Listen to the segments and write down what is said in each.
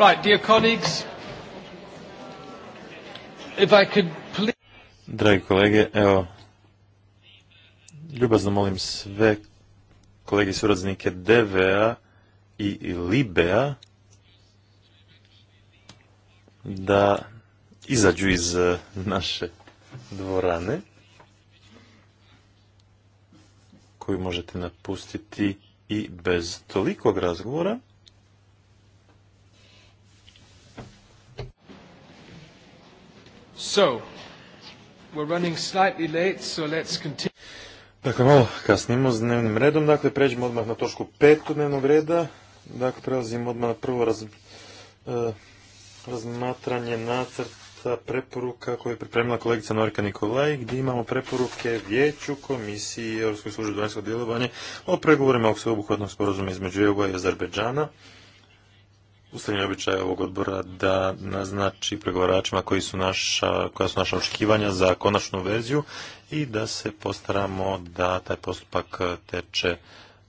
Right, Dragi kolege, evo, ljubazno molim sve kolege suradnike DVA i Libea da izađu iz eh, naše dvorane koju možete napustiti i bez tolikog razgovora. So, we're running Dakle, malo kasnimo s dnevnim redom, dakle, pređemo odmah na točku petu dnevnog reda. Dakle, prelazimo odmah na prvo e, razmatranje nacrta preporuka koju je pripremila kolegica Norika Nikolaj, gdje imamo preporuke Vijeću, Komisiji Europskoj službi djelovanje o pregovorima o sveobuhvatnom sporazumu između EU i Azerbeđana ustaljeni običaja ovog odbora da naznači pregovaračima koji su koja su naša očekivanja za konačnu verziju i da se postaramo da taj postupak teče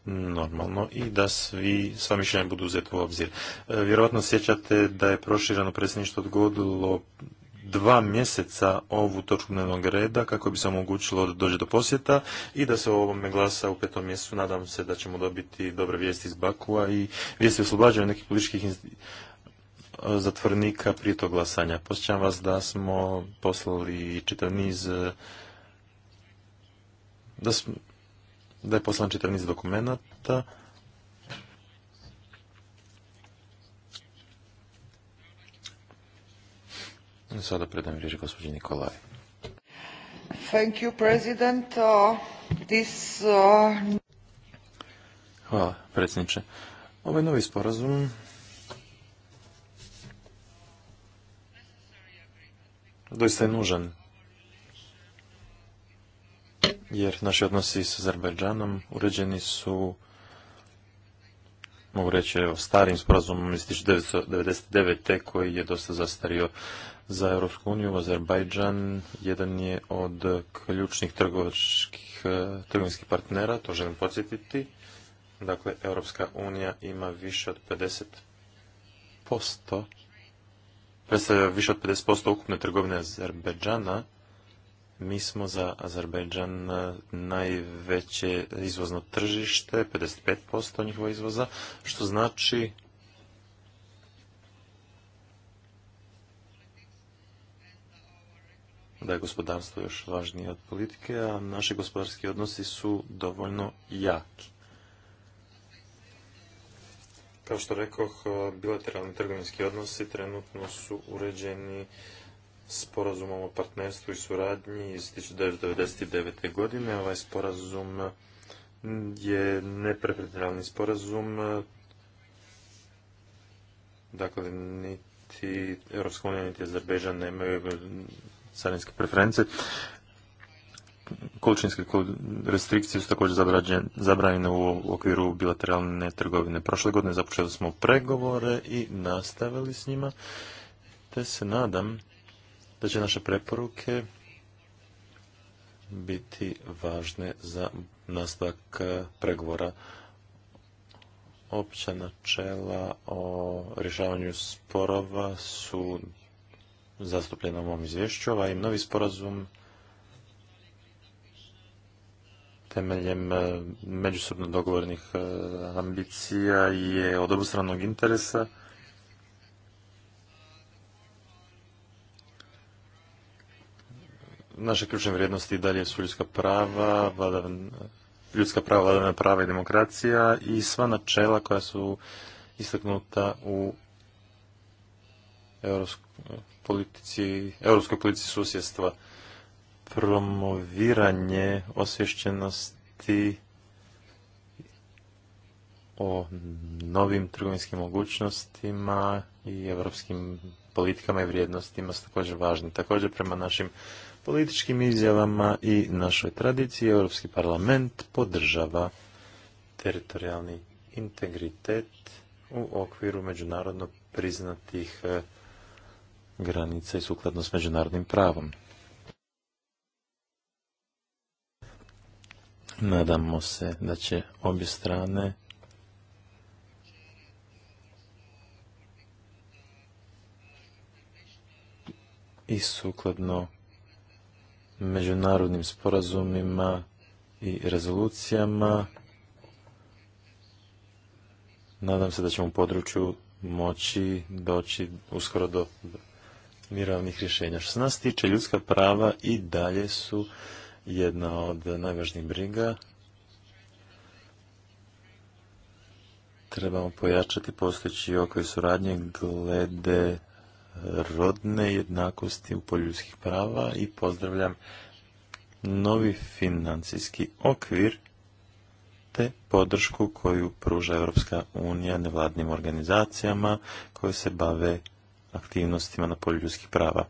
normalno i da svi, sva mišljenja budu uzeti u obzir. E, vjerovatno sjećate da je prošireno predsjedništvo odgodilo dva mjeseca ovu točku dnevnog reda kako bi se omogućilo da dođe do posjeta i da se o ovome glasa u petom mjesecu. Nadam se da ćemo dobiti dobre vijesti iz Bakua i vijesti oslobađaju nekih političkih zatvornika prije tog glasanja. Posjećam vas da smo poslali čitav niz da, da je poslan čitav niz dokumenata Sada predam riječ gospođi Nikolaj. Thank you, President. Uh, this, uh... Hvala, predsjedniče. Ovaj novi sporazum doista je nužan jer naši odnosi s Azerbajdžanom uređeni su mogu reći o starim sporazumom iz 1999. koji je dosta zastario za Europsku uniju, Azerbajdžan jedan je od ključnih trgovačkih, e, trgovinskih partnera, to želim podsjetiti. Dakle, Europska unija ima više od 50%, predstavlja više od 50% ukupne trgovine Azerbajdžana Mi smo za Azerbajdžan e, najveće izvozno tržište, 55% njihova izvoza, što znači da je gospodarstvo još važnije od politike, a naši gospodarski odnosi su dovoljno jaki. Kao što rekoh, bilateralni trgovinski odnosi trenutno su uređeni sporazumom o partnerstvu i suradnji iz 1999. godine. Ovaj sporazum je nepreferencijalni sporazum, dakle, niti niti Europska unija, niti Azerbejdžan nemaju carinske preference. Količinske restrikcije su također zabranjene u okviru bilateralne trgovine. Prošle godine započeli smo pregovore i nastavili s njima, te se nadam da će naše preporuke biti važne za nastavak eh, pregovora opća načela o rješavanju sporova su zastupljena u ovom izvješću. Ovaj novi sporazum temeljem e, međusobno dogovornih e, ambicija je od obostranog interesa. Naše ključne vrijednosti dalje su ljudska prava, ljudska prava, vladavina prava i demokracija i sva načela koja su istaknuta u europskoj politici, europskoj politici susjedstva. Promoviranje osvješćenosti o novim trgovinskim mogućnostima i europskim politikama i vrijednostima su također važni. Također prema našim političkim izjavama i našoj tradiciji Europski parlament podržava teritorijalni integritet u okviru međunarodno priznatih e, granica i sukladno s međunarodnim pravom. Nadamo se da će obje strane i sukladno međunarodnim sporazumima i rezolucijama. Nadam se da ćemo u području moći doći uskoro do mirovnih rješenja. Što se nas tiče, ljudska prava i dalje su jedna od najvažnijih briga. Trebamo pojačati postojeći okvir suradnje glede rodne jednakosti u polju prava i pozdravljam novi financijski okvir te podršku koju pruža Europska unija nevladnim organizacijama koje se bave aktivnostima na polju prava.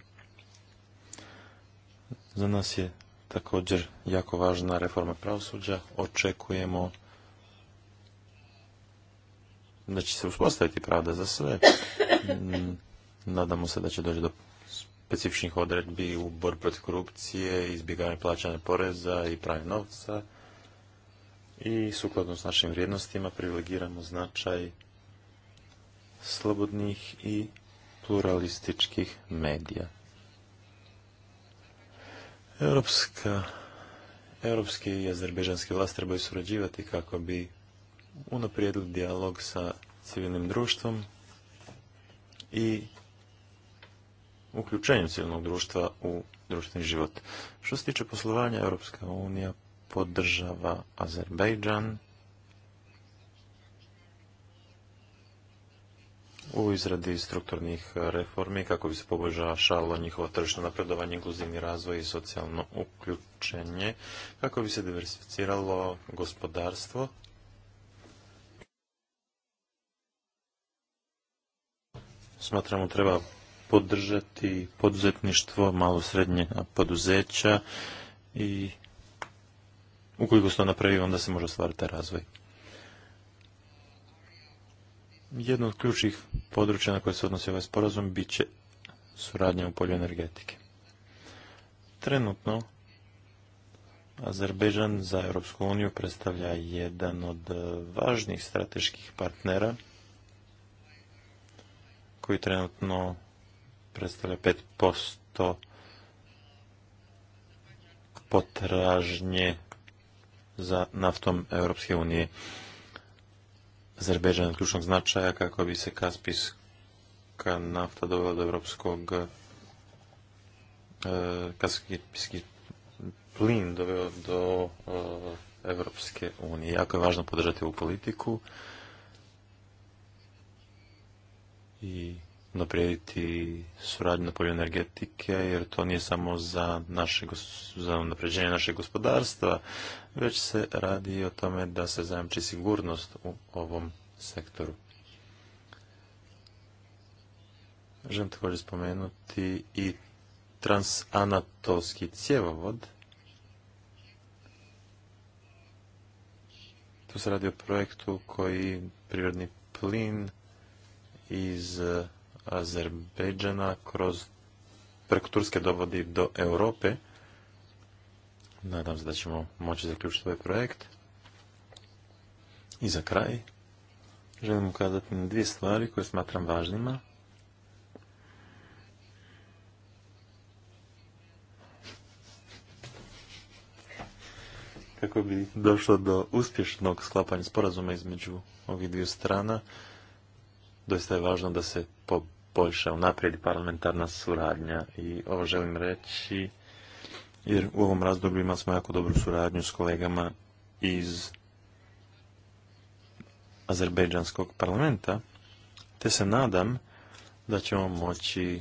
Za nas je također jako važna reforma pravosuđa. Očekujemo da će se uspostaviti pravda za sve. Mm, Nadamo se da će doći do specifičnih odredbi u borbi protiv korupcije, izbjegavanje plaćanja poreza i pravi novca i sukladno s našim vrijednostima privilegiramo značaj slobodnih i pluralističkih medija. Europska, europski i azerbežanski vlast trebaju surađivati kako bi unaprijedili dijalog sa civilnim društvom i uključenju civilnog društva u društveni život. Što se tiče poslovanja, Europska unija podržava Azerbejdžan u izradi strukturnih reformi kako bi se poboljšalo njihovo tržišno napredovanje, inkluzivni razvoj i socijalno uključenje, kako bi se diversificiralo gospodarstvo smatramo treba podržati poduzetništvo, malo srednje poduzeća i ukoliko se to napravi, onda se može ostvariti razvoj. Jedno od ključnih područja na koje se odnosi ovaj sporazum bit će suradnja u polju energetike. Trenutno Azerbejdžan za Europsku uniju predstavlja jedan od e, važnih strateških partnera koji trenutno predstavlja 5% potražnje za naftom Europske unije. Azerbejdžan je ključnog značaja kako bi se kaspijska nafta dovela do europskog e, kaspijski plin doveo do Europske unije. Jako je važno podržati ovu politiku i naprijediti suradnju na polju energetike, jer to nije samo za, naše, napređenje našeg gospodarstva, već se radi o tome da se zajamči sigurnost u ovom sektoru. Želim također spomenuti i transanatolski cjevovod. Tu se radi o projektu koji prirodni plin iz Azerbejdžana kroz preko Turske dovodi do Europe. Nadam se da ćemo moći zaključiti ovaj projekt. I za kraj želim ukazati na dvije stvari koje smatram važnima. Kako bi došlo do uspješnog sklapanja sporazuma između ovih dviju strana, doista je važno da se poboljša unaprijedi parlamentarna suradnja i ovo želim reći jer u ovom razdoblju imali smo jako dobru suradnju s kolegama iz Azerbejdžanskog parlamenta, te se nadam da ćemo moći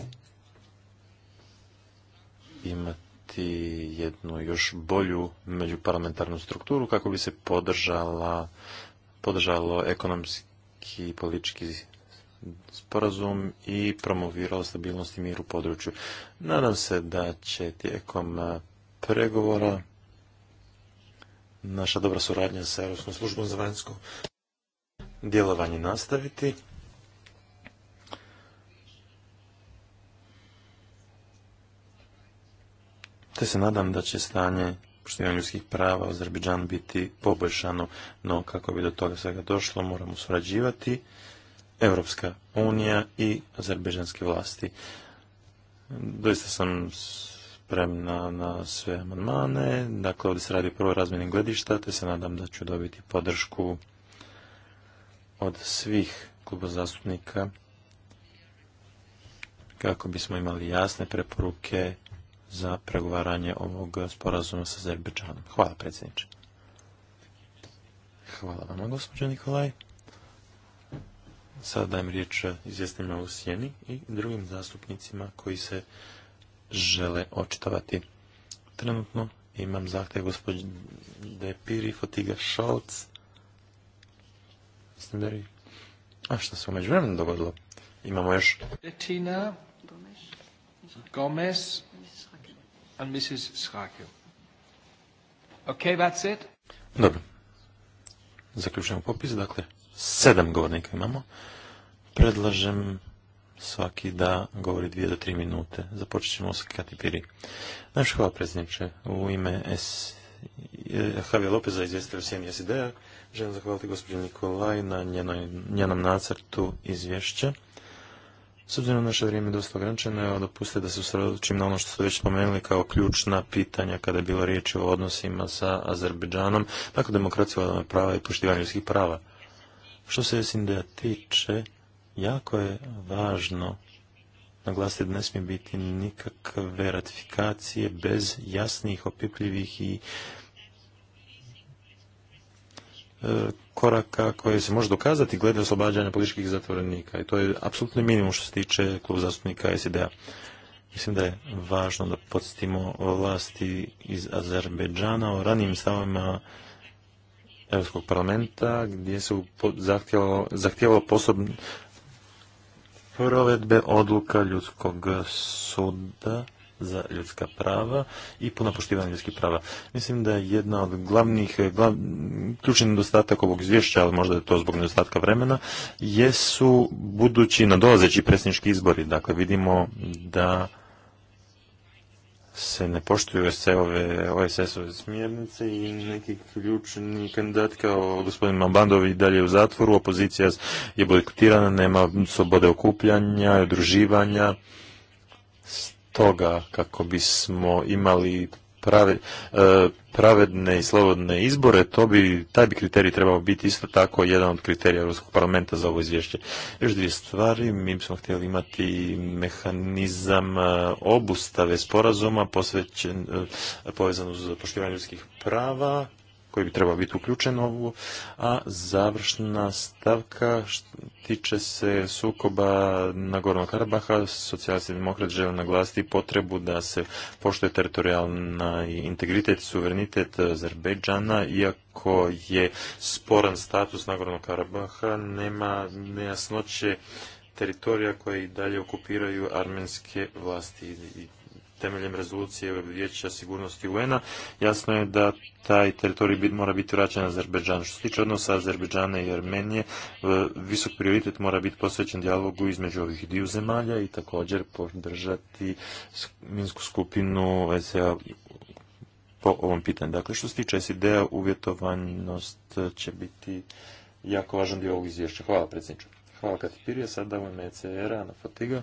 imati jednu još bolju međuparlamentarnu strukturu kako bi se podržala, podržalo ekonomski i politički sporazum i promovirao stabilnost i mir u području. Nadam se da će tijekom e, pregovora naša dobra suradnja sa Europskom službom za vanjsko djelovanje nastaviti. Te se nadam da će stanje poštivanja ljudskih prava u biti poboljšano, no kako bi do toga svega došlo, moramo surađivati Europska unija i azerbežanske vlasti. Doista sam spremna na sve amandmane. Dakle, ovdje se radi o prvoj razmjeni gledišta, te se nadam da ću dobiti podršku od svih kluba zastupnika kako bismo imali jasne preporuke za pregovaranje ovog sporazuma sa Azerbeđanom. Hvala predsjedniče. Hvala vama, gospođo Nikolaj. Sada dajem riječ izvjesnima u sjeni i drugim zastupnicima koji se žele očitovati. Trenutno imam zahtjev gospođe Depiri, Fotiga Šolc. A što se umeđu vremenu dogodilo? Imamo još... Retina, Gomez, and Mrs. Ok, that's it. Dobro. Zaključujemo popis, dakle, sedam govornika imamo. Predlažem svaki da govori dvije do tri minute. Započet ćemo s Kati Piri. Naš hvala predsjedniče. U ime S... Eh, Javier Lopeza, izvjestitelj Sjeni a želim zahvaliti gospođu Nikolaj na njenom nacrtu izvješća. S obzirom na naše vrijeme dosta ograničeno, evo dopustite da se usredočim na ono što ste već spomenuli kao ključna pitanja kada je bilo riječ o odnosima sa Azerbeđanom, tako demokracija, prava i poštivanje ljudskih prava. Što se snd tiče, jako je važno naglasiti da ne smije biti nikakve ratifikacije bez jasnih, opipljivih i e, koraka koje se može dokazati glede oslobađanja političkih zatvorenika i to je apsolutni minimum što se tiče klub zastupnika sda a Mislim da je važno da podsjetimo vlasti iz Azerbejdžana o ranijim stavama Europskog parlamenta gdje se zahtjevalo, zahtjevalo provedbe odluka ljudskog suda za ljudska prava i puno poštivanje ljudskih prava. Mislim da je jedna od glavnih, ključni nedostatak ovog izvješća, ali možda je to zbog nedostatka vremena, jesu budući nadolazeći predsjednički izbori. Dakle, vidimo da se ne poštuju se ove OSS-ove smjernice i neki ključni kandidat kao gospodin Mabandovi dalje u zatvoru, opozicija je bojkotirana, nema slobode okupljanja, udruživanja. Stoga, kako bismo imali E, pravedne i slobodne izbore, to bi, taj bi kriterij trebao biti isto tako jedan od kriterija Europskog parlamenta za ovo izvješće. Još dvije stvari, mi bismo htjeli imati mehanizam e, obustave sporazuma posvećen, e, povezan uz poštivanje ljudskih prava, koji bi trebao biti uključen ovu. a završna stavka tiče se sukoba na Gornog Karabaha. Socijalisti demokrati žele naglasiti potrebu da se poštuje teritorijalna integritet i suverenitet Azerbejdžana, iako je sporan status Nagornog Karabaha, nema nejasnoće teritorija koje i dalje okupiraju armenske vlasti i temeljem rezolucije Vijeća sigurnosti UN-a. Jasno je da taj teritorij mora biti vraćan Azerbeđanu. Što se tiče odnosa Azerbeđana i Armenije, visok prioritet mora biti posvećen dijalogu između ovih dviju zemalja i također podržati minsku skupinu SEA po ovom pitanju. Dakle, što se tiče SID-a, uvjetovanost će biti jako važan dio ovog izvješća. Hvala predsjedniče. Hvala Katipirija, sada u ime e a na fatiga.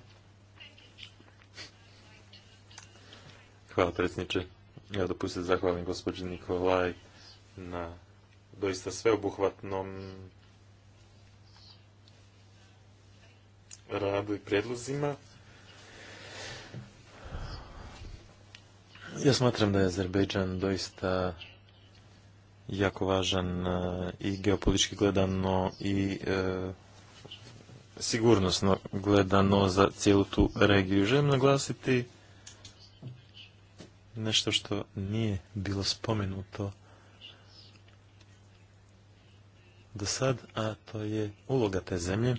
Hvala predsjedniče. Ja dopustite zahvalim gospođi Nikolaj na doista sveobuhvatnom radu i prijedlozima. Ja smatram da je Azerbejdžan doista jako važan e, i geopolitički gledano i e, sigurnosno gledano za cijelu tu regiju. Želim naglasiti nešto što nije bilo spomenuto do sad, a to je uloga te zemlje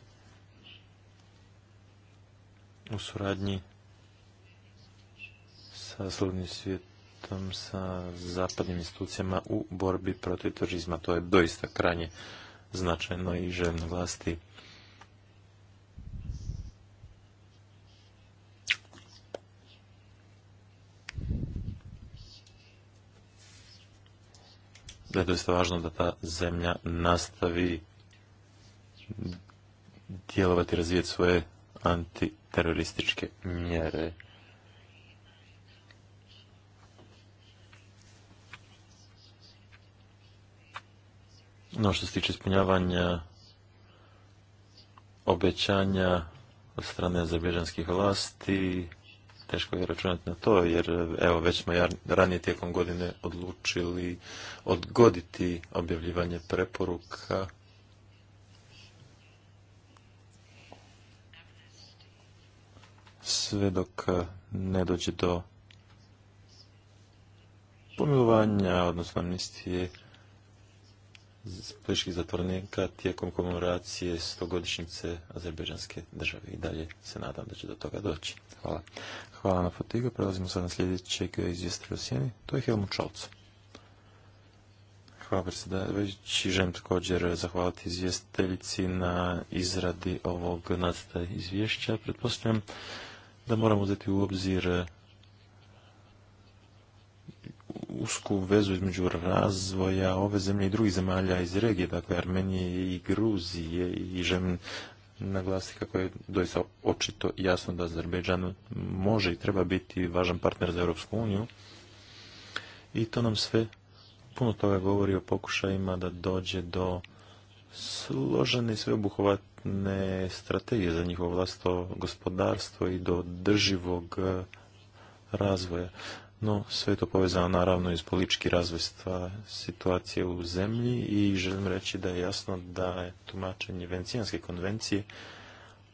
u suradnji sa slobodnim svijetom, sa zapadnim institucijama u borbi protiv terorizma. To je doista krajnje značajno i želim naglasiti da je doista važno da ta zemlja nastavi djelovati, i razvijati svoje antiterorističke mjere. No što se tiče ispunjavanja obećanja od strane azerbejdžanskih vlasti, teško je računati na to, jer evo već smo ranije tijekom godine odlučili odgoditi objavljivanje preporuka sve dok ne dođe do pomilovanja, odnosno amnistije političkih zatvornika tijekom komemoracije stogodišnjice Azerbejdžanske države. I dalje se nadam da će do toga doći. Hvala. Hvala na Fotigu. Prelazimo sad na sljedećeg izvjestitelja u sjeni. To je Helmut Šolc. Hvala predsjedavajući. Želim također zahvaliti izvjestiteljici na izradi ovog nacrta izvješća. Pretpostavljam da moramo uzeti u obzir usku vezu između razvoja ove zemlje i drugih zemalja iz regije, dakle Armenije i Gruzije i želim naglasiti kako je doista očito jasno da Azerbejdžan može i treba biti važan partner za Europsku uniju i to nam sve puno toga govori o pokušajima da dođe do složene i sveobuhvatne strategije za njihovo vlastito gospodarstvo i do drživog razvoja no sve je to povezano naravno iz politički razvojstva situacije u zemlji i želim reći da je jasno da je tumačenje Vencijanske konvencije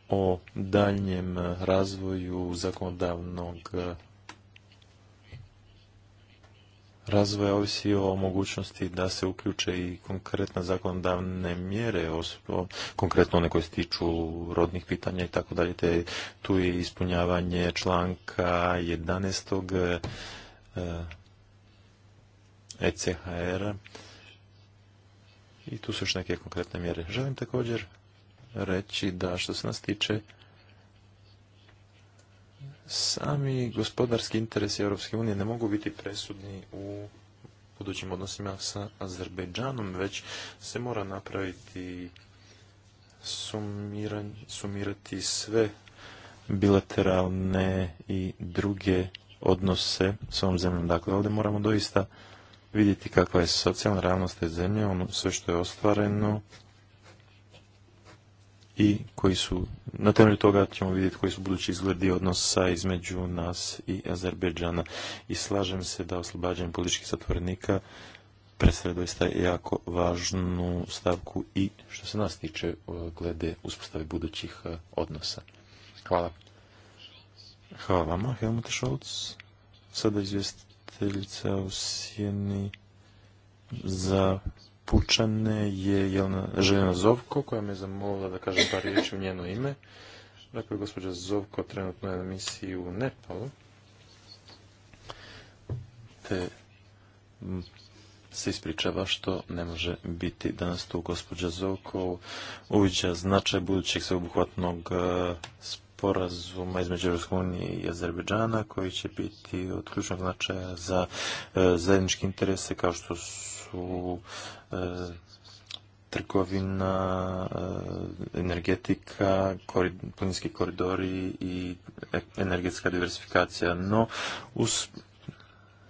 o daljnjem razvoju zakonodavnog razvoja ovisi o mogućnosti da se uključe i konkretne zakonodavne mjere, konkretno one koje se tiču rodnih pitanja i tako dalje. Tu je ispunjavanje članka 11 echr e i tu su još neke konkretne mjere. Želim također reći da što se nas tiče sami gospodarski interesi Europske unije ne mogu biti presudni u budućim odnosima sa Azerbejdžanom, već se mora napraviti sumirati sve bilateralne i druge odnose s ovom zemljom. Dakle, ovdje moramo doista vidjeti kakva je socijalna realnost te zemlje, ono sve što je ostvareno i koji su, na temelju toga ćemo vidjeti koji su budući izgledi odnosa između nas i Azerbejdžana. I slažem se da oslobađanje političkih zatvorenika predstavlja doista jako važnu stavku i što se nas tiče glede uspostave budućih e, odnosa. Hvala. Hvala vama, Helmut Scholz. Sada izvjestiteljica u Sjeni za Pučane je Jelena Željena Zovko, koja me zamolila da kažem par riječi u njeno ime. Dakle, gospođa Zovko trenutno je na misiji u Nepalu. Te se ispričava što ne može biti danas tu gospođa Zovko uviđa značaj budućeg sveobuhvatnog eh, sporazuma između Europske unije i Azerbeđana koji će biti od ključnog značaja za e, zajedničke interese kao što su e, trgovina, e, energetika, plinski koridori i energetska diversifikacija. No, uz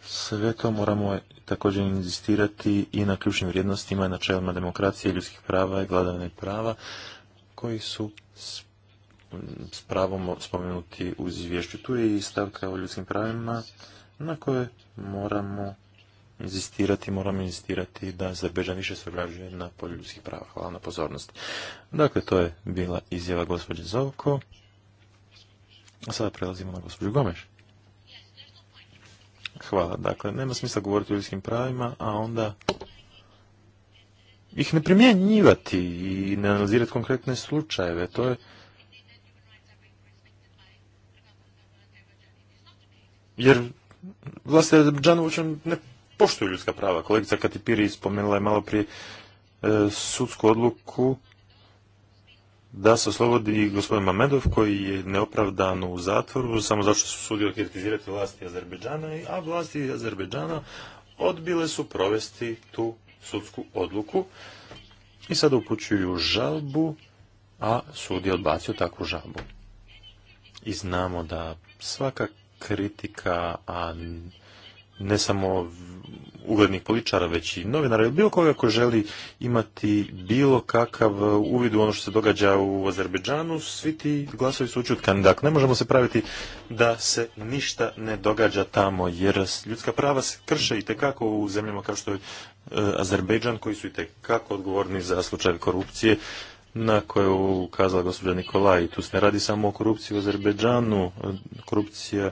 sve to moramo također inzistirati i na ključnim vrijednostima i načelima demokracije, ljudskih prava i vladavine prava koji su s pravom spomenuti u izvješću. Tu je i stavka o ljudskim pravima na koje moramo inzistirati, moramo inzistirati da Azerbejdžan više obrađuje na polju ljudskih prava. Hvala na pozornost. Dakle, to je bila izjava gospođe Zovko. A sada prelazimo na gospođu Gomeš. Hvala. Dakle, nema smisla govoriti o ljudskim pravima, a onda ih ne primjenjivati i ne analizirati konkretne slučajeve. To je Jer vlasti uopće ne poštuju ljudska prava. Kolegica Katipiri spomenula je malo prije e, sudsku odluku da se oslobodi gospodin Mamedov koji je neopravdan u zatvoru samo zato što su sudio kritizirati vlasti Azerbeđana, a vlasti Azerbeđana odbile su provesti tu sudsku odluku i sada upućuju žalbu, a sud je odbacio takvu žalbu. I znamo da svaka kritika, a ne samo uglednih političara, već i novinara ili bilo koga koji želi imati bilo kakav uvid u ono što se događa u Azerbeđanu, svi ti glasovi su učutkani. Dakle, ne možemo se praviti da se ništa ne događa tamo, jer ljudska prava se krše i tekako u zemljama kao što je e, Azerbeđan, koji su i tekako odgovorni za slučaje korupcije, na koje je ukazala gospođa Nikolaj. Tu se ne radi samo o korupciji u Azerbeđanu, korupcija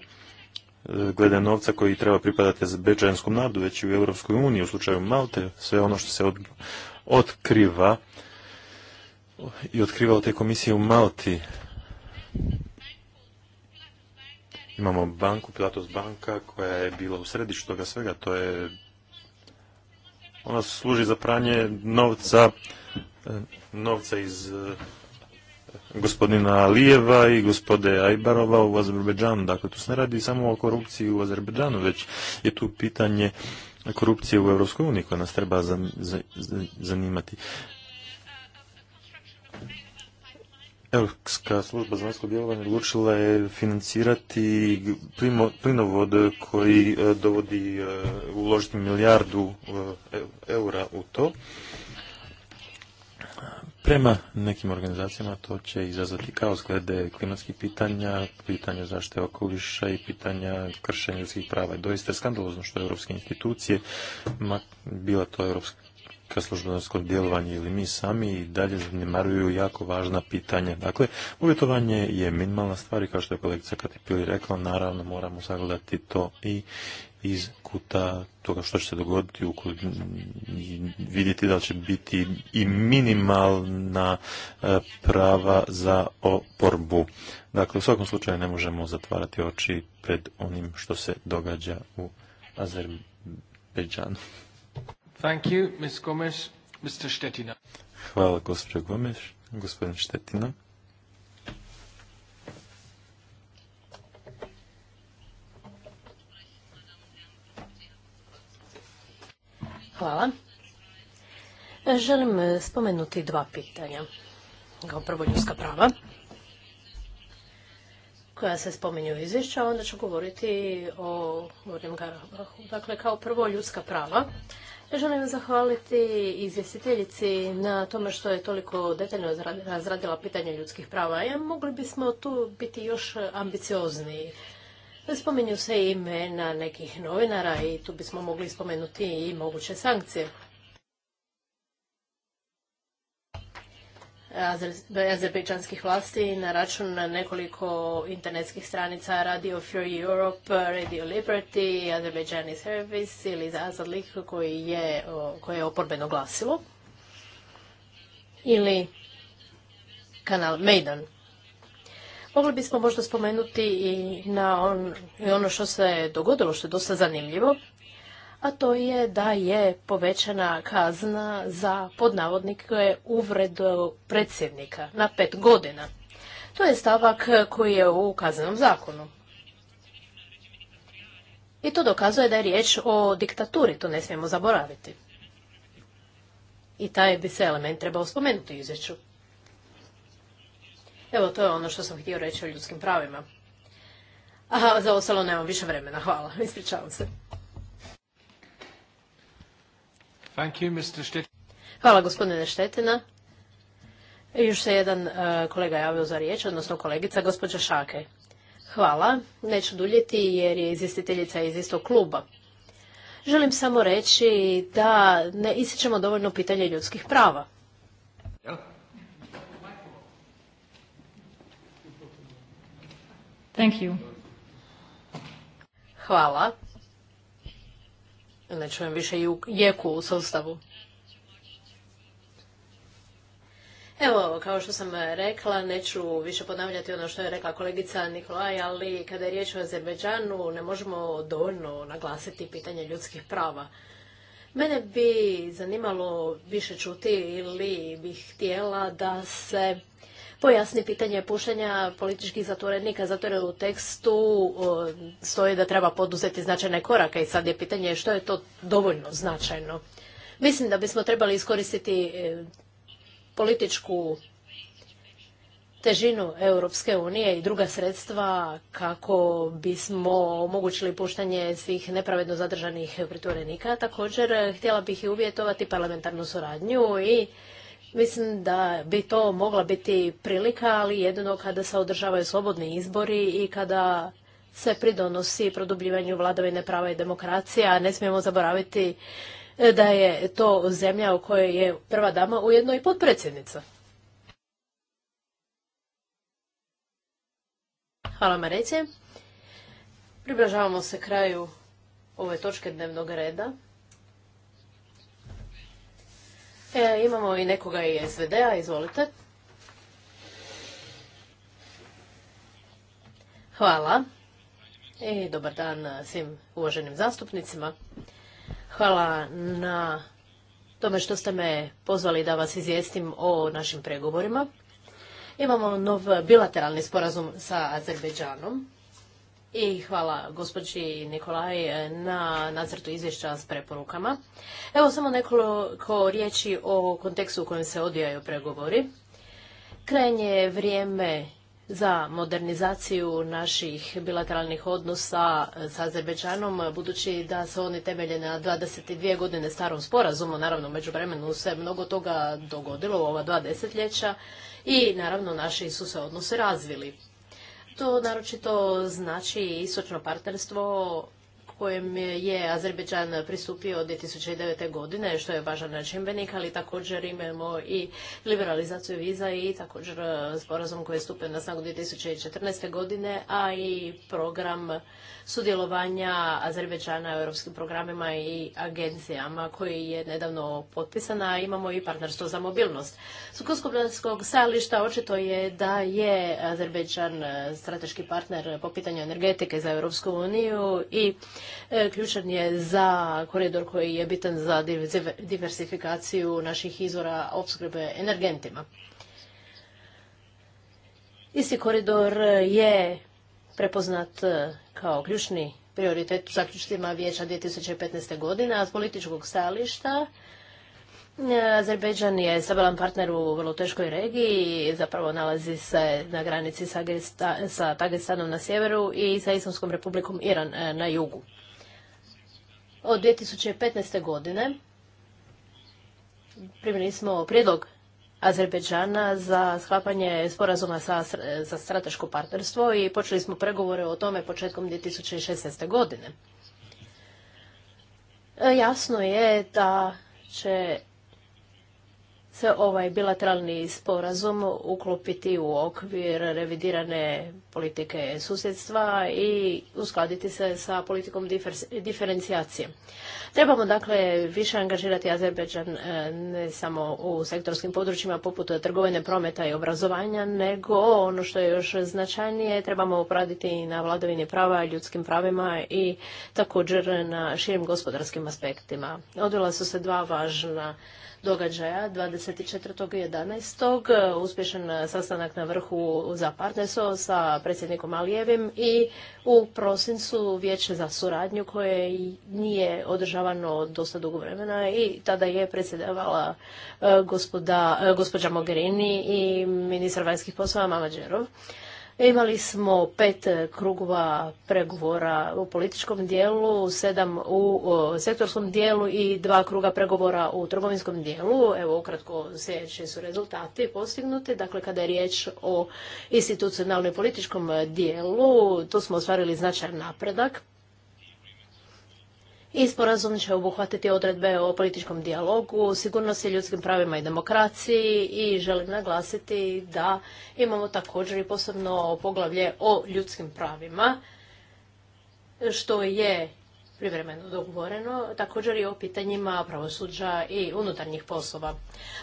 glede novca koji treba pripadati bečajanskom nadu, već i u Europskoj uniji, u slučaju Malte, sve ono što se otkriva i otkriva te komisije u Malti. Imamo banku, Pilatos banka, koja je bila u središtu toga svega, to je ona služi za pranje novca e, novca iz gospodina Alijeva i gospode Ajbarova u Azerbejdžanu. Dakle, tu se ne radi samo o korupciji u Azerbejdžanu, već je tu pitanje korupcije u EU koja nas treba zanimati. Europska služba za vanjsko djelovanje odlučila je financirati plinovod koji e, dovodi e, uložiti milijardu e, eura u to. Prema nekim organizacijama to će izazvati kaos glede klimatskih pitanja, pitanja zaštite okoliša i pitanja kršenja ljudskih prava. doista je skandalozno što europske institucije, ma, bila to europska službenosko djelovanje ili mi sami, i dalje zanemaruju jako važna pitanja. Dakle, uvjetovanje je minimalna stvar i kao što je kolegica Katipili rekla, naravno moramo sagledati to i iz kuta toga što će se dogoditi, vidjeti da će biti i minimalna e, prava za oporbu. Dakle, u svakom slučaju ne možemo zatvarati oči pred onim što se događa u Azerbejdžanu. Thank you, Hvala, gospođo Gomes. Gospodin Štetina. Hvala. Želim spomenuti dva pitanja. Kao prvo ljudska prava koja se spominju u izvješću, a onda ću govoriti o ga, Dakle, kao prvo ljudska prava. želim zahvaliti izvjestiteljici na tome što je toliko detaljno razradila pitanje ljudskih prava. Ja, mogli bismo tu biti još ambiciozniji. Spominju se imena nekih novinara i tu bismo mogli spomenuti i moguće sankcije. azerbejdžanskih vlasti na račun nekoliko internetskih stranica Radio Free Europe, Radio Liberty, Azerbejdžani Service ili Azadlik koji je, koje je oporbeno glasilo ili kanal Mejdan. Mogli bismo možda spomenuti i na on, i ono što se dogodilo, što je dosta zanimljivo, a to je da je povećana kazna za podnavodnike uvredu predsjednika na pet godina. To je stavak koji je u kaznenom zakonu. I to dokazuje da je riječ o diktaturi, to ne smijemo zaboraviti. I taj bi se element trebao spomenuti u izvješću. Evo, to je ono što sam htio reći o ljudskim pravima. A za ostalo nemam više vremena. Hvala. Ispričavam se. Hvala gospodine Štetina. Još se jedan e, kolega javio za riječ, odnosno kolegica gospođa Šake. Hvala. Neću duljeti jer je izvjestiteljica iz istog kluba. Želim samo reći da ne ističemo dovoljno pitanje ljudskih prava. Thank you. Hvala. Ne čujem više jeku u sustavu. Evo, kao što sam rekla, neću više ponavljati ono što je rekla kolegica Nikolaj, ali kada je riječ o Azerbeđanu ne možemo dovoljno naglasiti pitanje ljudskih prava. Mene bi zanimalo više čuti ili bih htjela da se pojasni pitanje pušenja političkih zatvorenika, zato jer u tekstu stoji da treba poduzeti značajne korake i sad je pitanje što je to dovoljno značajno. Mislim da bismo trebali iskoristiti e, političku težinu Europske unije i druga sredstva kako bismo omogućili puštanje svih nepravedno zadržanih pritvorenika. Također, htjela bih i uvjetovati parlamentarnu suradnju i Mislim da bi to mogla biti prilika, ali jedino kada se održavaju slobodni izbori i kada se pridonosi produbljivanju vladavine prava i demokracije, a ne smijemo zaboraviti e, da je to zemlja u kojoj je prva dama ujedno i potpredsjednica. Hvala Marece. Približavamo se kraju ove točke dnevnog reda. E, imamo i nekoga iz SVD-a, izvolite. Hvala i dobar dan svim uvaženim zastupnicima. Hvala na tome što ste me pozvali da vas izvijestim o našim pregovorima. Imamo nov bilateralni sporazum sa Azerbejdžanom i hvala gospođi Nikolaj eh, na nacrtu izvješća s preporukama. Evo samo nekoliko riječi o kontekstu u kojem se odvijaju pregovori. Krajnje je vrijeme za modernizaciju naših bilateralnih odnosa sa Azerbeđanom, budući da se oni temelje na 22 godine starom sporazumu. Naravno, među vremenu se mnogo toga dogodilo u ova dva desetljeća i naravno naši su se odnose razvili. To naročito znači istočno partnerstvo kojem je Azerbeđan pristupio od 2009. godine, što je važan čimbenik, ali također imamo i liberalizaciju viza i također e, sporazum koji je stupio na snagu 2014. godine, a i program sudjelovanja Azerbeđana u europskim programima i agencijama koji je nedavno potpisan, a imamo i partnerstvo za mobilnost. S koskobljanskog stajališta očito je da je Azerbeđan strateški partner po pitanju energetike za Europsku uniju i E, ključan je za koridor koji je bitan za diversifikaciju naših izvora opskrbe energentima. Isti koridor je prepoznat e, kao ključni prioritet u zaključcima vijeća 2015. godine, a s političkog stajališta Azerbejdžan je stabilan partner u vrlo teškoj regiji, zapravo nalazi se na granici sa, Tagestanom na sjeveru i sa Islamskom republikom Iran e, na jugu. Od 2015. godine primili smo prijedlog Azerbejdžana za sklapanje sporazuma sa, za strateško partnerstvo i počeli smo pregovore o tome početkom 2016. godine. E, jasno je da će se ovaj bilateralni sporazum uklopiti u okvir revidirane politike susjedstva i uskladiti se sa politikom diferencijacije. Trebamo dakle više angažirati Azerbeđan e, ne samo u sektorskim područjima poput trgovine, prometa i obrazovanja, nego ono što je još značajnije, trebamo i na vladavini prava, ljudskim pravima i također na širim gospodarskim aspektima. Odvila su se dva važna događaja 24.11. uspješan sastanak na vrhu za partnerstvo sa predsjednikom Alijevim i u prosincu vijeće za suradnju koje nije održavano dosta dugo vremena i tada je predsjedavala e, e, gospođa Mogherini i ministar vanjskih poslova Mama Imali smo pet krugova pregovora u političkom dijelu, sedam u sektorskom dijelu i dva kruga pregovora u trgovinskom dijelu. Evo, ukratko, sljedeći su rezultati postignuti. Dakle, kada je riječ o institucionalnom i političkom dijelu, tu smo ostvarili značajan napredak. Isporazum će obuhvatiti odredbe o političkom dijalogu, sigurnosti, ljudskim pravima i demokraciji i želim naglasiti da imamo također i posebno poglavlje o ljudskim pravima, što je privremeno dogovoreno, također i o pitanjima pravosuđa i unutarnjih poslova.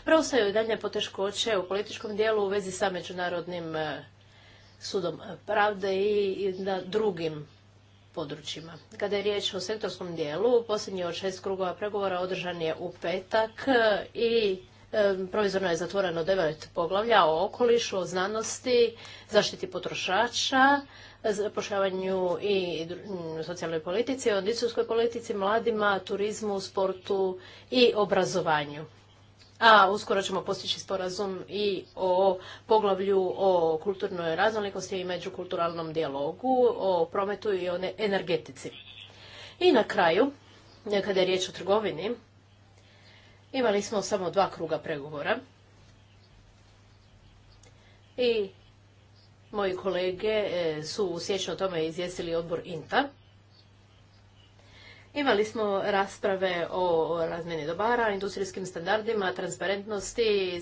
Preostaju je dalje poteškoće u političkom dijelu u vezi sa Međunarodnim eh, sudom pravde i na drugim područjima. Kada je riječ o sektorskom dijelu, posljednji od šest krugova pregovora održan je u petak i provizorno je zatvoreno devet poglavlja o okolišu, o znanosti, zaštiti potrošača, zapošljavanju i socijalnoj politici, o politici, mladima, turizmu, sportu i obrazovanju a uskoro ćemo postići sporazum i o poglavlju o kulturnoj raznolikosti i međukulturalnom dijalogu, o prometu i o energetici. I na kraju, kada je riječ o trgovini, imali smo samo dva kruga pregovora. I moji kolege e, su u sjećanju o tome izvijestili odbor INTA. Imali smo rasprave o razmjeni dobara, industrijskim standardima, transparentnosti,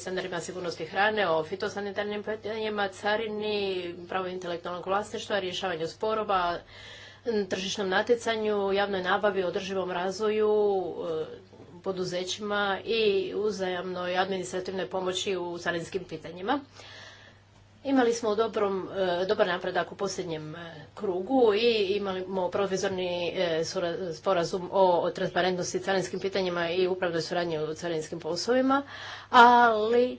standardima sigurnosti hrane, o fitosanitarnim pitanjima, carini, pravo intelektualnog vlasništva, rješavanju sporova, tržišnom natjecanju, javnoj nabavi, održivom razvoju, e, poduzećima i uzajamnoj administrativnoj pomoći u carinskim pitanjima. Imali smo e, dobar napredak u posljednjem e, krugu i imali smo provizorni e, sporazum o transparentnosti carinskim pitanjima i upravnoj suradnje u carinskim poslovima, ali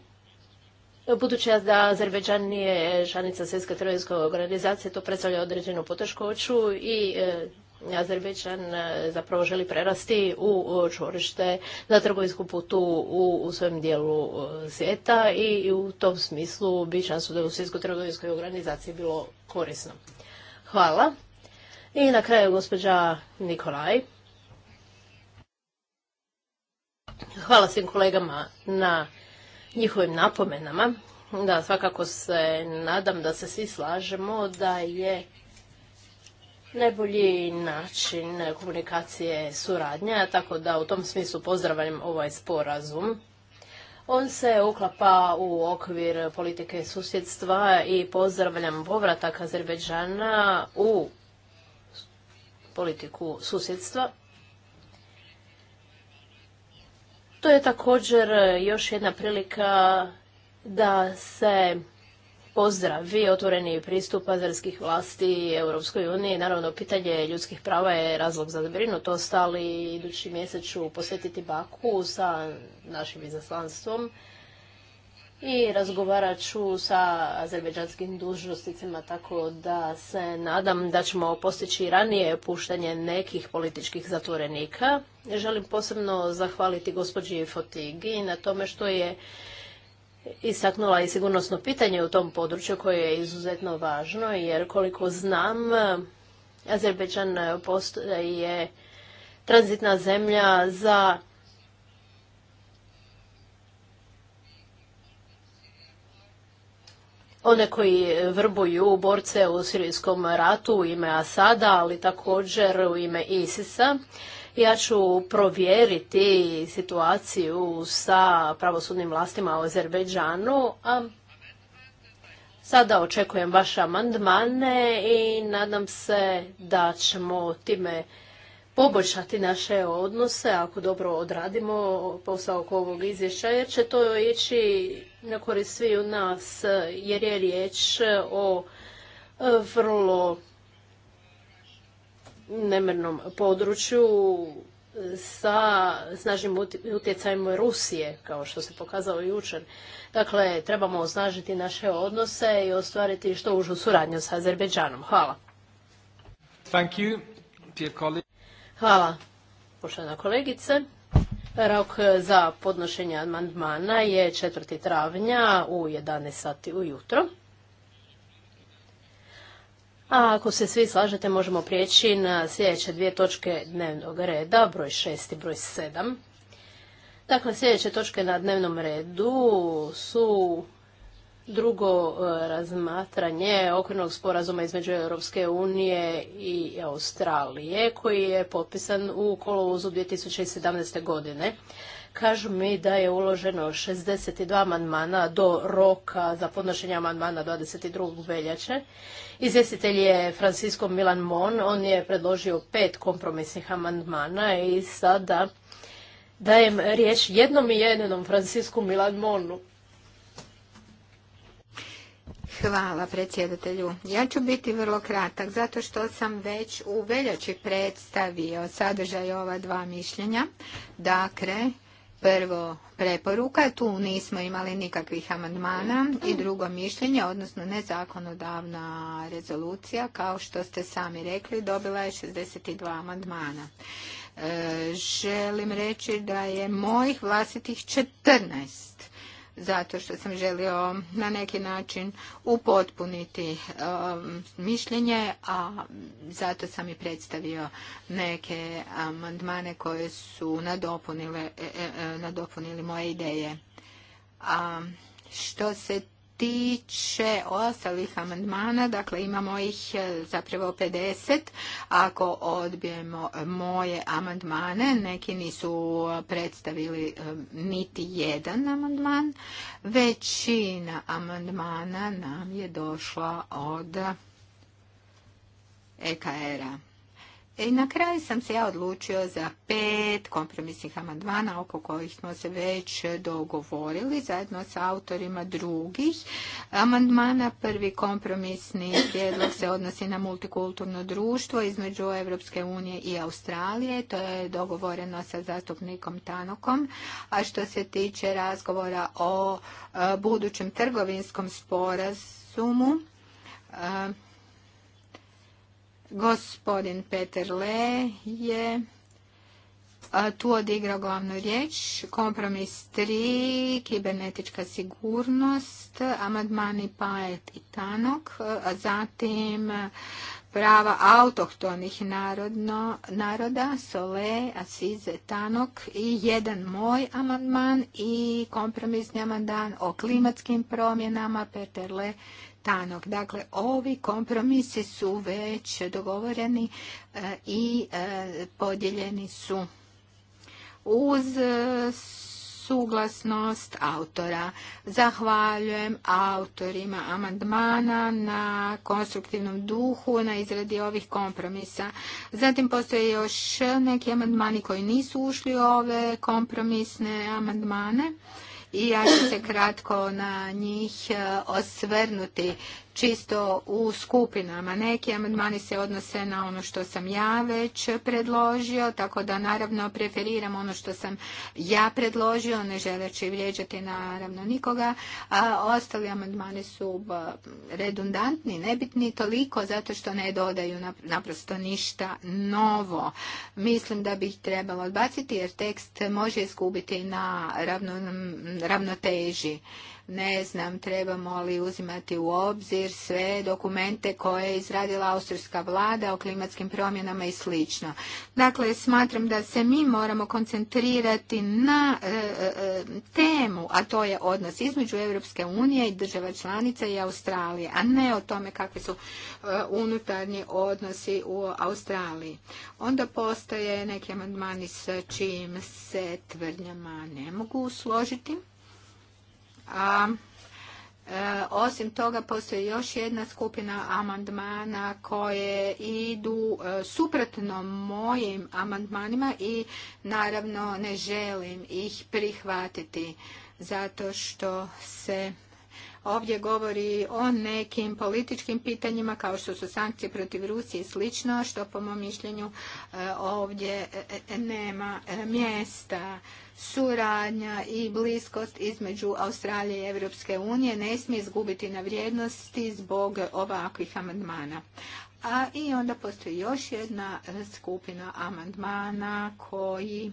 budući da Azerbeđan nije članica Svjetske trgovinske organizacije, to predstavlja određenu poteškoću i Azerbejdžan e, zapravo želi prerasti u čvorište za trgovinsku putu u, u svojem dijelu e, svijeta i u tom smislu bi šansu da je u Svjetskoj trgovinskoj organizaciji bilo korisno. Hvala. I na kraju gospođa Nikolaj. Hvala svim kolegama na njihovim napomenama. Da, svakako se nadam da se svi slažemo da je najbolji način komunikacije suradnja, tako da u tom smislu pozdravljam ovaj sporazum. On se uklapa u okvir politike susjedstva i pozdravljam povratak Azerbeđana u politiku susjedstva. To je također još jedna prilika da se pozdravi otvoreni pristup azerskih vlasti Europskoj uniji. Naravno, pitanje ljudskih prava je razlog za zabrinutost, ali idući mjesec ću posjetiti Baku sa našim izaslanstvom i razgovarat ću sa azerbeđanskim dužnosticima tako da se nadam da ćemo postići ranije puštanje nekih političkih zatvorenika. Želim posebno zahvaliti gospođi Fotigi na tome što je istaknula i sigurnosno pitanje u tom području koje je izuzetno važno jer koliko znam Azerbejdžan je tranzitna zemlja za one koji vrbuju borce u sirijskom ratu u ime Asada, ali također u ime Isisa ja ću provjeriti situaciju sa pravosudnim vlastima u Azerbejdžanu, sada očekujem vaše amandmane i nadam se da ćemo time poboljšati naše odnose ako dobro odradimo posao oko ovog izvješća jer će to ići na korist sviju nas jer je riječ o vrlo nemirnom području sa snažnim utjecajem Rusije, kao što se pokazalo jučer. Dakle, trebamo osnažiti naše odnose i ostvariti što užu suradnju sa Azerbejdžanom. Hvala. Hvala, poštovana kolegice. Rok za podnošenje amandmana je 4. travnja u 11. sati ujutro. A ako se svi slažete, možemo prijeći na sljedeće dvije točke dnevnog reda, broj 6 i broj 7. Dakle, sljedeće točke na dnevnom redu su drugo e, razmatranje okvirnog sporazuma između Europske unije i Australije koji je potpisan u kolovozu 2017. godine. Kažu mi da je uloženo 62 amandmana do roka za podnošenje amandmana 22. veljače. Izvjestitelj je Francisco Milan Mon, on je predložio pet kompromisnih amandmana i sada dajem riječ jednom i jedinom Francisco Milan Monu. Hvala predsjedatelju. Ja ću biti vrlo kratak zato što sam već u veljači predstavio sadržaj ova dva mišljenja. Dakle, Prvo, preporuka, tu nismo imali nikakvih amandmana i drugo mišljenje, odnosno nezakonodavna rezolucija, kao što ste sami rekli, dobila je 62 amandmana. E, želim reći da je mojih vlastitih 14 zato što sam želio na neki način upotpuniti um, mišljenje, a zato sam i predstavio neke amandmane koje su e, e, e, nadopunili moje ideje. A što se tiče ostalih amandmana, dakle imamo ih e, zapravo 50, ako odbijemo moje amandmane, neki nisu predstavili e, niti jedan amandman, većina amandmana nam je došla od EKR-a. I e, na kraju sam se ja odlučio za pet kompromisnih amandmana oko kojih smo se već dogovorili zajedno sa autorima drugih amandmana. Prvi kompromisni prijedlog se odnosi na multikulturno društvo između Europske unije i Australije. To je dogovoreno sa zastupnikom Tanokom. A što se tiče razgovora o e, budućem trgovinskom sporazumu, e, Gospodin Peter Le je tu odigrao glavnu riječ. Kompromis tri, kibernetička sigurnost, amadmani Paet i Tanok, a zatim prava autohtonih naroda, Sole, Asize, Tanok i jedan moj amandman i kompromisni amandman o klimatskim promjenama, Peterle Dakle, ovi kompromisi su već dogovoreni e, i e, podijeljeni su uz e, suglasnost autora. Zahvaljujem autorima amandmana na konstruktivnom duhu, na izradi ovih kompromisa. Zatim postoje još neki amandmani koji nisu ušli u ove kompromisne amandmane i ja ću se kratko na njih eh, osvrnuti čisto u skupinama. Neki amandmani se odnose na ono što sam ja već predložio, tako da naravno preferiram ono što sam ja predložio, ne želeći vrijeđati naravno nikoga. A ostali amandmani su redundantni, nebitni toliko zato što ne dodaju naprosto ništa novo. Mislim da bi ih trebalo odbaciti jer tekst može izgubiti na ravnoteži. Ne znam trebamo li uzimati u obzir sve dokumente koje je izradila austrijska vlada o klimatskim promjenama i slično. Dakle, smatram da se mi moramo koncentrirati na e, e, e, temu, a to je odnos između Europske unije i država članica i Australije, a ne o tome kakvi su unutarnji odnosi u Australiji. Onda postoje neki amandmani s čijim se tvrdnjama ne mogu složiti. A e, osim toga postoji još jedna skupina amandmana koje idu e, suprotno mojim amandmanima i naravno ne želim ih prihvatiti zato što se ovdje govori o nekim političkim pitanjima kao što su sankcije protiv Rusije i slično što po mom mišljenju e, ovdje nema mjesta suradnja i bliskost između Australije i Europske unije ne smije izgubiti na vrijednosti zbog ovakvih amandmana. A i onda postoji još jedna skupina amandmana koji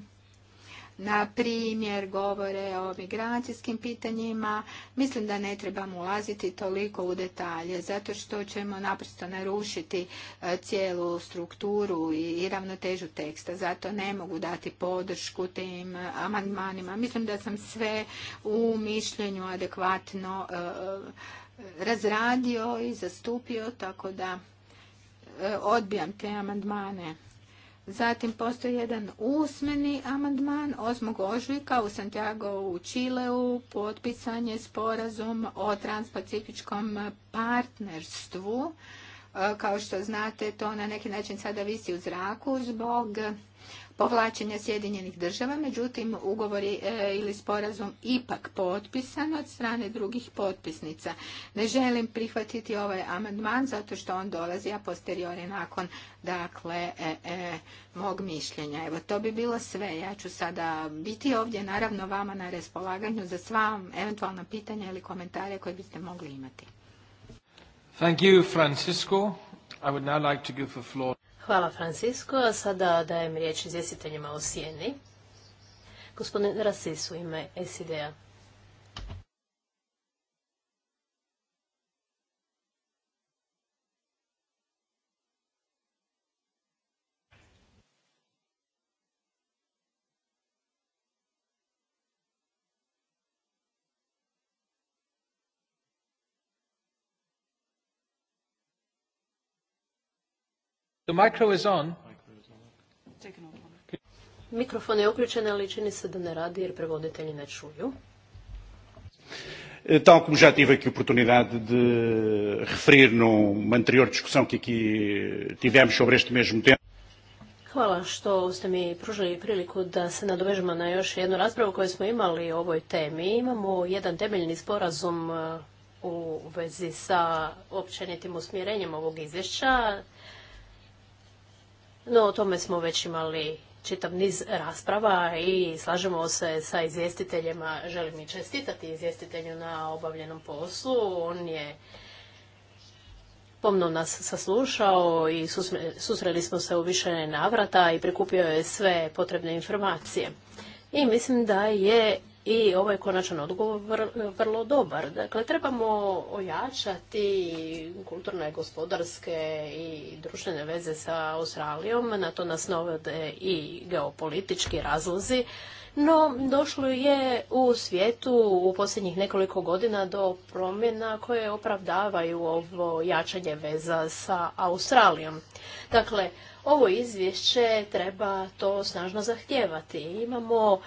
na primjer govore o migracijskim pitanjima. Mislim da ne trebamo ulaziti toliko u detalje, zato što ćemo naprosto narušiti e, cijelu strukturu i ravnotežu teksta. Zato ne mogu dati podršku tim amandmanima. Mislim da sam sve u mišljenju adekvatno e, e, razradio i zastupio, tako da odbijam te amandmane. Zatim postoji jedan usmeni amandman 8. ožujka u Santiago u Čileu potpisan je sporazum o transpacifičkom partnerstvu. E, kao što znate, to na neki način sada visi u zraku zbog povlačenja Sjedinjenih država, međutim ugovor e, ili sporazum ipak potpisan od strane drugih potpisnica. Ne želim prihvatiti ovaj amandman zato što on dolazi a posteriori nakon dakle e, e, mog mišljenja. Evo to bi bilo sve. Ja ću sada biti ovdje naravno vama na raspolaganju za sva eventualna pitanja ili komentare koje biste mogli imati. Thank you, Francisco. I would now like to give the Hvala Francisco. A sada dajem riječ izvjestiteljima o Sijeni. Gospodin Rasis u ime SID-a. The micro is on. Mikrofon je uključen, ali čini se da ne radi jer prevoditelji ne čuju. Eh, Tal como já tive aqui oportunidade de referir numa anterior discussão que aqui tivemos sobre este mesmo tema. Hvala što ste mi pružili priliku da se nadovežemo na još jednu raspravu koju smo imali o ovoj temi. Imamo jedan temeljni sporazum eh, u vezi sa općenitim usmjerenjem ovog izvješća. No, o tome smo već imali čitav niz rasprava i slažemo se sa izvjestiteljima. Želim i čestitati izvjestitelju na obavljenom poslu. On je pomno nas saslušao i susreli smo se u više navrata i prikupio je sve potrebne informacije. I mislim da je i ovo je konačan odgovor vrlo dobar. Dakle, trebamo ojačati kulturne, gospodarske i društvene veze sa Australijom. Na to nas navode i geopolitički razlozi. No, došlo je u svijetu u posljednjih nekoliko godina do promjena koje opravdavaju ovo jačanje veza sa Australijom. Dakle, ovo izvješće treba to snažno zahtijevati. Imamo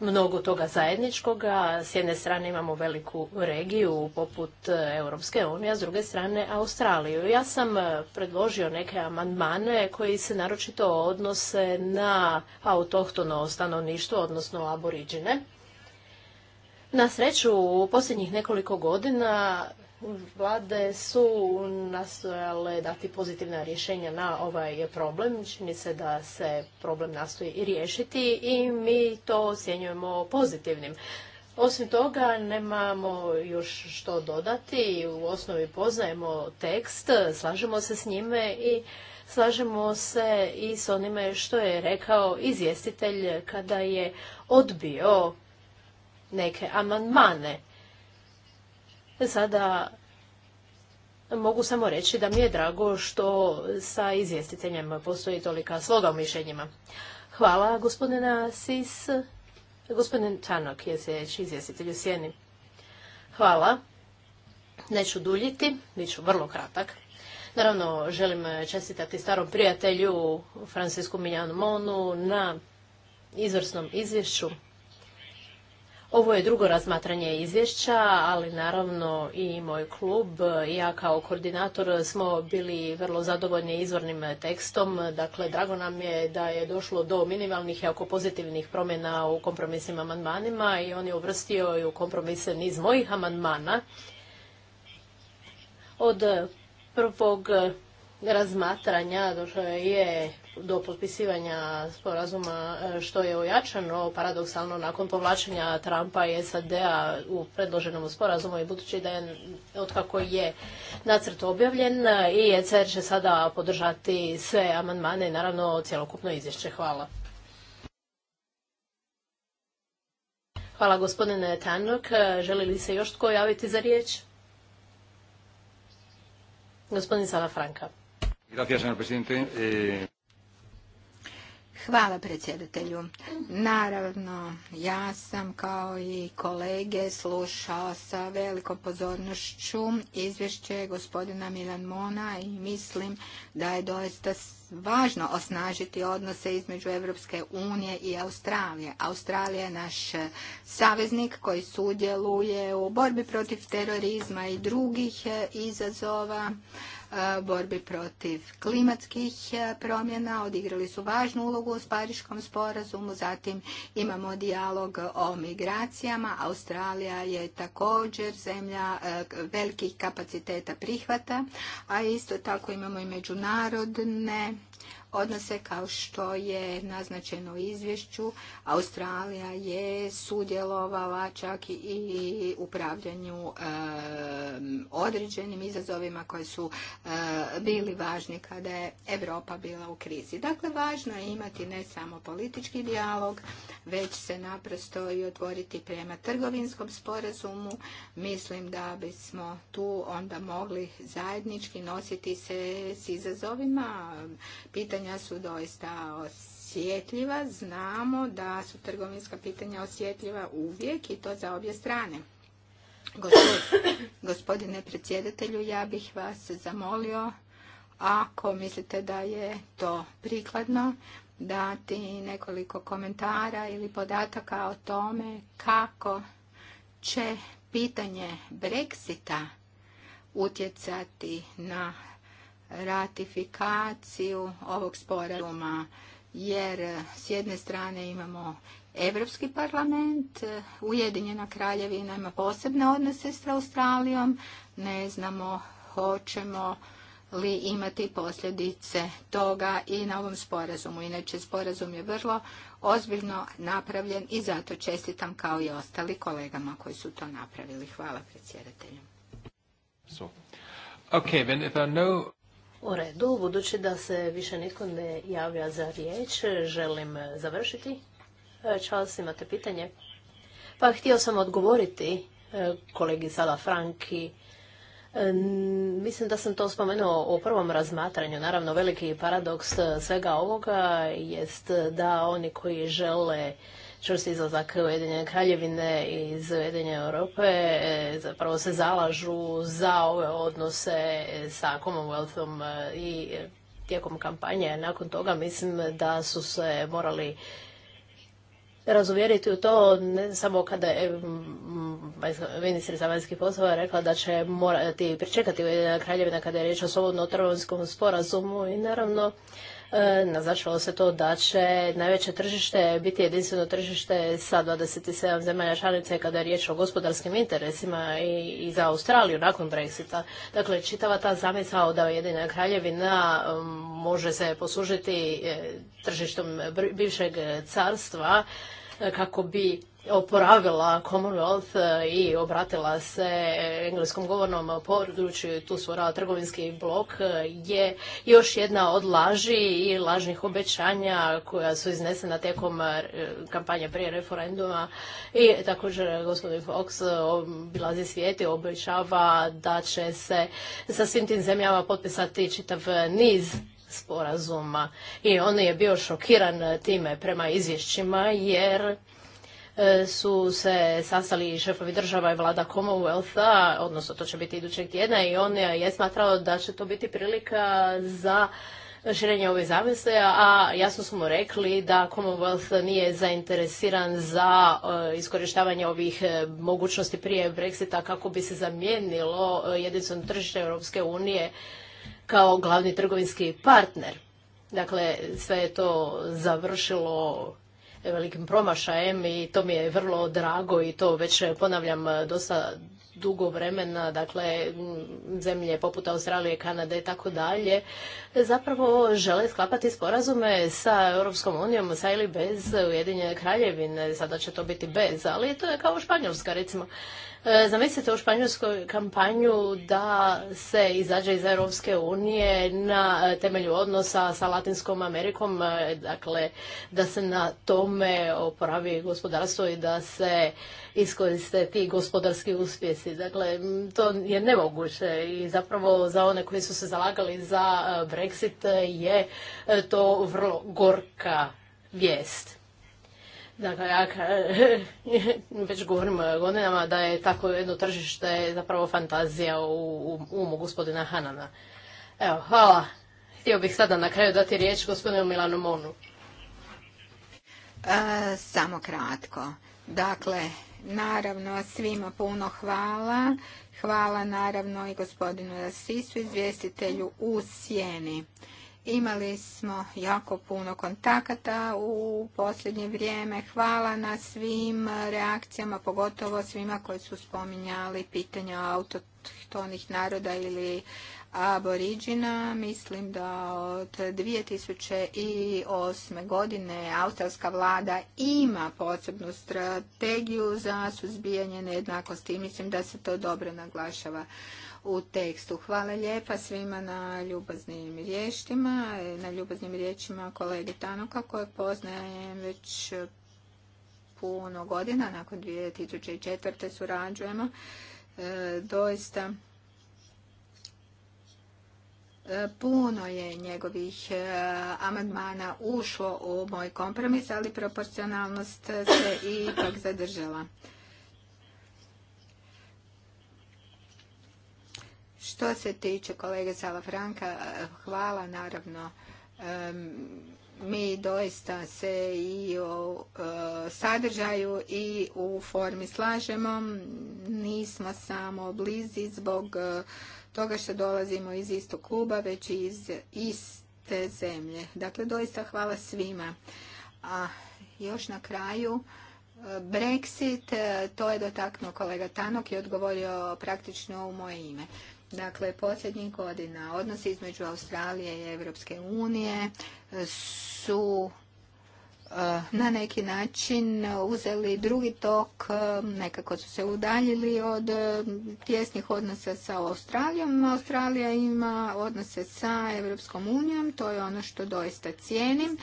mnogo toga zajedničkoga. S jedne strane imamo veliku regiju poput e, Europske unije, a s druge strane Australiju. Ja sam e, predložio neke amandmane koji se naročito odnose na autohtono stanovništvo, odnosno aboriđine. Na sreću, u posljednjih nekoliko godina Vlade su nastojale dati pozitivna rješenja na ovaj problem. Čini se da se problem nastoji i riješiti i mi to ocjenjujemo pozitivnim. Osim toga, nemamo još što dodati. U osnovi poznajemo tekst, slažemo se s njime i slažemo se i s onime što je rekao izvjestitelj kada je odbio neke amandmane. Sada mogu samo reći da mi je drago što sa izvjestiteljem postoji tolika sloga u mišljenjima. Hvala gospodina Sis. Gospodin Čanok je sljedeći izvjestitelj u Sjeni. Hvala. Neću duljiti, bit ću vrlo kratak. Naravno, želim čestitati starom prijatelju Francisku Miljanu Monu na izvrsnom izvješću. Ovo je drugo razmatranje izvješća, ali naravno i moj klub i ja kao koordinator smo bili vrlo zadovoljni izvornim tekstom. Dakle, drago nam je da je došlo do minimalnih jako pozitivnih promjena u kompromisnim amandmanima i on je uvrstio i u kompromise niz mojih amandmana. Od prvog razmatranja došao je do potpisivanja sporazuma e, što je ojačano paradoksalno nakon povlačenja Trumpa i SAD-a u predloženom sporazumu i budući da je otkako je nacrt objavljen e, i ECR će sada podržati sve amandmane i naravno cjelokupno izvješće. Hvala. Hvala gospodine Tanok. E, želi li se još tko javiti za riječ? Gospodin Sala Franka. Gracias, señor presidente. Eh, Hvala predsjedatelju. Naravno, ja sam kao i kolege slušao sa velikom pozornošću izvješće gospodina Milan Mona i mislim da je doista važno osnažiti odnose između Europske unije i Australije. Australija je naš saveznik koji sudjeluje u borbi protiv terorizma i drugih izazova E, borbi protiv klimatskih e, promjena, odigrali su važnu ulogu u Pariškom sporazumu, zatim imamo dijalog o migracijama, Australija je također zemlja e, velikih kapaciteta prihvata, a isto tako imamo i međunarodne odnose kao što je naznačeno u izvješću. Australija je sudjelovala čak i upravljanju određenim izazovima koji su bili važni kada je Europa bila u krizi. Dakle, važno je imati ne samo politički dijalog, već se naprosto i otvoriti prema trgovinskom sporazumu. Mislim da bismo tu onda mogli zajednički nositi se s izazovima, Pitanje pitanja su doista osjetljiva. Znamo da su trgovinska pitanja osjetljiva uvijek i to za obje strane. Gospodine predsjedatelju, ja bih vas zamolio ako mislite da je to prikladno, dati nekoliko komentara ili podataka o tome kako će pitanje Brexita utjecati na ratifikaciju ovog sporazuma jer s jedne strane imamo Europski parlament, Ujedinjena kraljevina ima posebne odnose s Australijom, ne znamo hoćemo li imati posljedice toga i na ovom sporazumu. Inače, sporazum je vrlo ozbiljno napravljen i zato čestitam kao i ostali kolegama koji su to napravili. Hvala predsjedatelju. U redu, budući da se više nitko ne javlja za riječ, želim završiti. Čas, e, imate pitanje? Pa htio sam odgovoriti e, kolegi Sala Franki. E, mislim da sam to spomenuo o prvom razmatranju. Naravno, veliki paradoks svega ovoga jest da oni koji žele čvrsti izlazak Ujedinjene kraljevine iz Ujedinjene Europe e, zapravo se zalažu za ove odnose sa Commonwealthom e, i tijekom kampanje. Nakon toga mislim da su se morali razuvjeriti u to ne samo kada je ministrica vanjskih poslova rekla da će morati pričekati Ujedinjena kraljevina kada je riječ o slobodno trgovinskom sporazumu i naravno E, naznačilo se to da će najveće tržište biti jedinstveno tržište sa 27 zemalja članica kada je riječ o gospodarskim interesima i, za Australiju nakon Brexita. Dakle, čitava ta zamisao da jedina kraljevina može se poslužiti e, tržištom bivšeg carstva e, kako bi oporavila Commonwealth e, i obratila se engleskom govornom području, tu su trgovinski blok, e, je još jedna od laži i lažnih obećanja koja su iznesena tijekom e, kampanje prije referenduma i također gospodin Fox bilazi svijet i obećava da će se sa svim tim zemljama potpisati čitav niz sporazuma i on je bio šokiran time prema izvješćima jer E, su se sastali šefovi država i vlada Commonwealtha, odnosno to će biti idućeg tjedna i on je smatrao da će to biti prilika za širenje ove zavise, a jasno smo rekli da Commonwealth nije zainteresiran za e, iskorištavanje ovih e, mogućnosti prije Brexita kako bi se zamijenilo jedinstveno tržište Europske unije kao glavni trgovinski partner. Dakle, sve je to završilo E, velikim promašajem i to mi je vrlo drago i to već e, ponavljam e, dosta dugo vremena, dakle zemlje poput Australije, Kanade i tako dalje, zapravo žele sklapati sporazume sa Europskom unijom, sa ili bez Ujedinjene kraljevine, sada će to biti bez, ali to je kao Španjolska recimo. E, zamislite u Španjolskoj kampanju da se izađe iz Europske unije na temelju odnosa sa Latinskom Amerikom, e, dakle da se na tome oporavi gospodarstvo i da se iskoriste ti gospodarski uspjesi. Dakle, to je nemoguće i zapravo za one koji su se zalagali za e, Brexit je to vrlo gorka vijest. Dakle, ja već govorimo e, godinama da je tako jedno tržište zapravo fantazija u umu gospodina Hanana. Evo, hvala. Htio bih sada na kraju dati riječ gospodinu Milanu Monu. E, samo kratko. Dakle, naravno svima puno hvala. Hvala naravno i gospodinu Rasisu, izvjestitelju u Sjeni. Imali smo jako puno kontakata u posljednje vrijeme. Hvala na svim reakcijama, pogotovo svima koji su spominjali pitanja autohtonih naroda ili aboriđina. Mislim da od 2008. godine australska vlada ima posebnu strategiju za suzbijanje nejednakosti i mislim da se to dobro naglašava u tekstu. Hvala lijepa svima na ljubaznim riječima, na ljubaznim riječima kolege Tanoka koje poznajem već puno godina, nakon 2004. surađujemo. E, doista e, puno je njegovih e, amandmana ušlo u moj kompromis, ali proporcionalnost se ipak zadržala. Što se tiče kolege Salafranka, hvala naravno. Mi doista se i u e, sadržaju i u formi slažemo. Nismo samo blizi zbog e, toga što dolazimo iz istog kluba, već i iz iste zemlje. Dakle, doista hvala svima. A još na kraju, e, Brexit, to je dotaknuo kolega Tanok i odgovorio praktično u moje ime. Dakle, posljednjih godina odnosi između Australije i Europske unije su e, na neki način uzeli drugi tok, e, nekako su se udaljili od e, tjesnih odnosa sa Australijom. Australija ima odnose sa Europskom unijom, to je ono što doista cijenim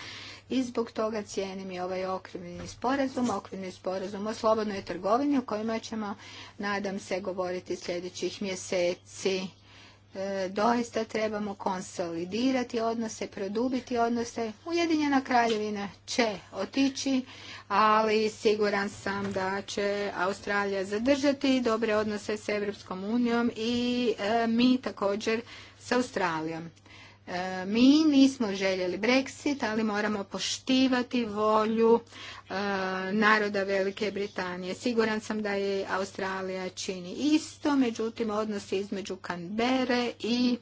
i zbog toga cijenim i ovaj okvirni sporazum, okvirni sporazum o slobodnoj trgovini o kojima ćemo, nadam se, govoriti sljedećih mjeseci. E, doista trebamo konsolidirati odnose, produbiti odnose. Ujedinjena kraljevina će otići, ali siguran sam da će Australija zadržati dobre odnose s Europskom unijom i e, mi također s Australijom. E, mi nismo željeli Brexit, ali moramo poštivati volju e, naroda Velike Britanije. Siguran sam da je Australija čini isto, međutim odnosi između Kanbere i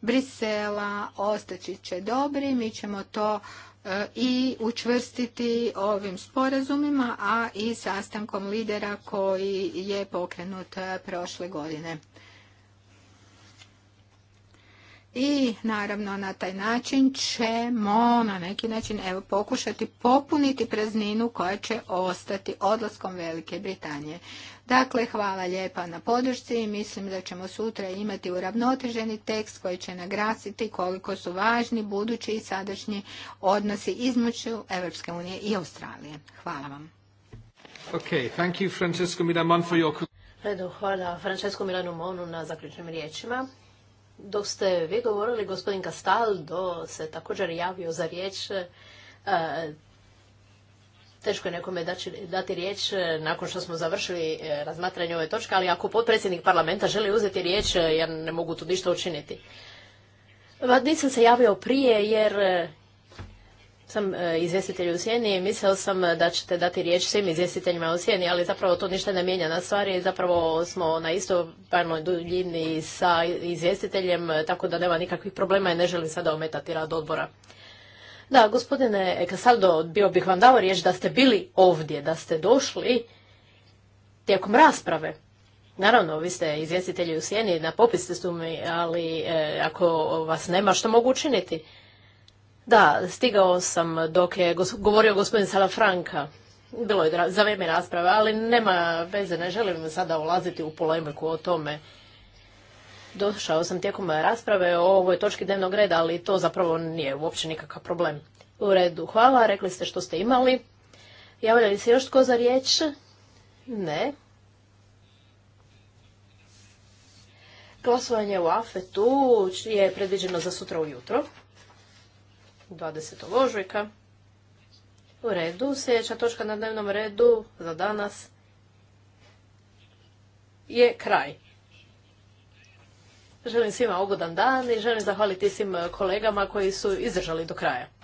Brisela ostaći će dobri. Mi ćemo to e, i učvrstiti ovim sporazumima, a i sastankom lidera koji je pokrenut prošle godine i naravno na taj način ćemo na neki način evo, pokušati popuniti prazninu koja će ostati odlaskom Velike Britanije. Dakle, hvala lijepa na podršci i mislim da ćemo sutra imati uravnoteženi tekst koji će nagrasiti koliko su važni budući i sadašnji odnosi između Evropske unije i Australije. Hvala vam. Okay, thank you Francesco for your... hvala Francesco Milano Monu na zaključnim riječima dok ste vi govorili, gospodin Castaldo se također javio za riječ. E, teško je nekome dati riječ e, nakon što smo završili e, razmatranje ove točke, ali ako potpredsjednik parlamenta želi uzeti riječ, ja ne mogu tu ništa učiniti. Nisam se javio prije jer sam e, izvjestitelj u sjeni i mislio sam e, da ćete dati riječ svim izvjestiteljima u sjeni, ali zapravo to ništa ne mijenja na stvari. Zapravo smo na istoj parnoj duljini sa izvjestiteljem, e, tako da nema nikakvih problema i ne želim sada ometati rad odbora. Da, gospodine Casaldo, bio bih vam dao riječ da ste bili ovdje, da ste došli tijekom rasprave. Naravno, vi ste izvjestitelji u sjeni, na popis ste su mi, ali ako vas nema, što mogu učiniti? Da, stigao sam dok je govorio gospodin Salafranka. Bilo je za vrijeme rasprave, ali nema veze, ne želim sada ulaziti u polemiku o tome. Došao sam tijekom rasprave o ovoj točki dnevnog reda, ali to zapravo nije uopće nikakav problem. U redu, hvala, rekli ste što ste imali. Javlja li se još tko za riječ? Ne. Glasovanje u AFET-u je predviđeno za sutra ujutro. 20. ožujka. U redu, sljedeća točka na dnevnom redu za danas je kraj. Želim svima ugodan dan i želim zahvaliti svim kolegama koji su izdržali do kraja.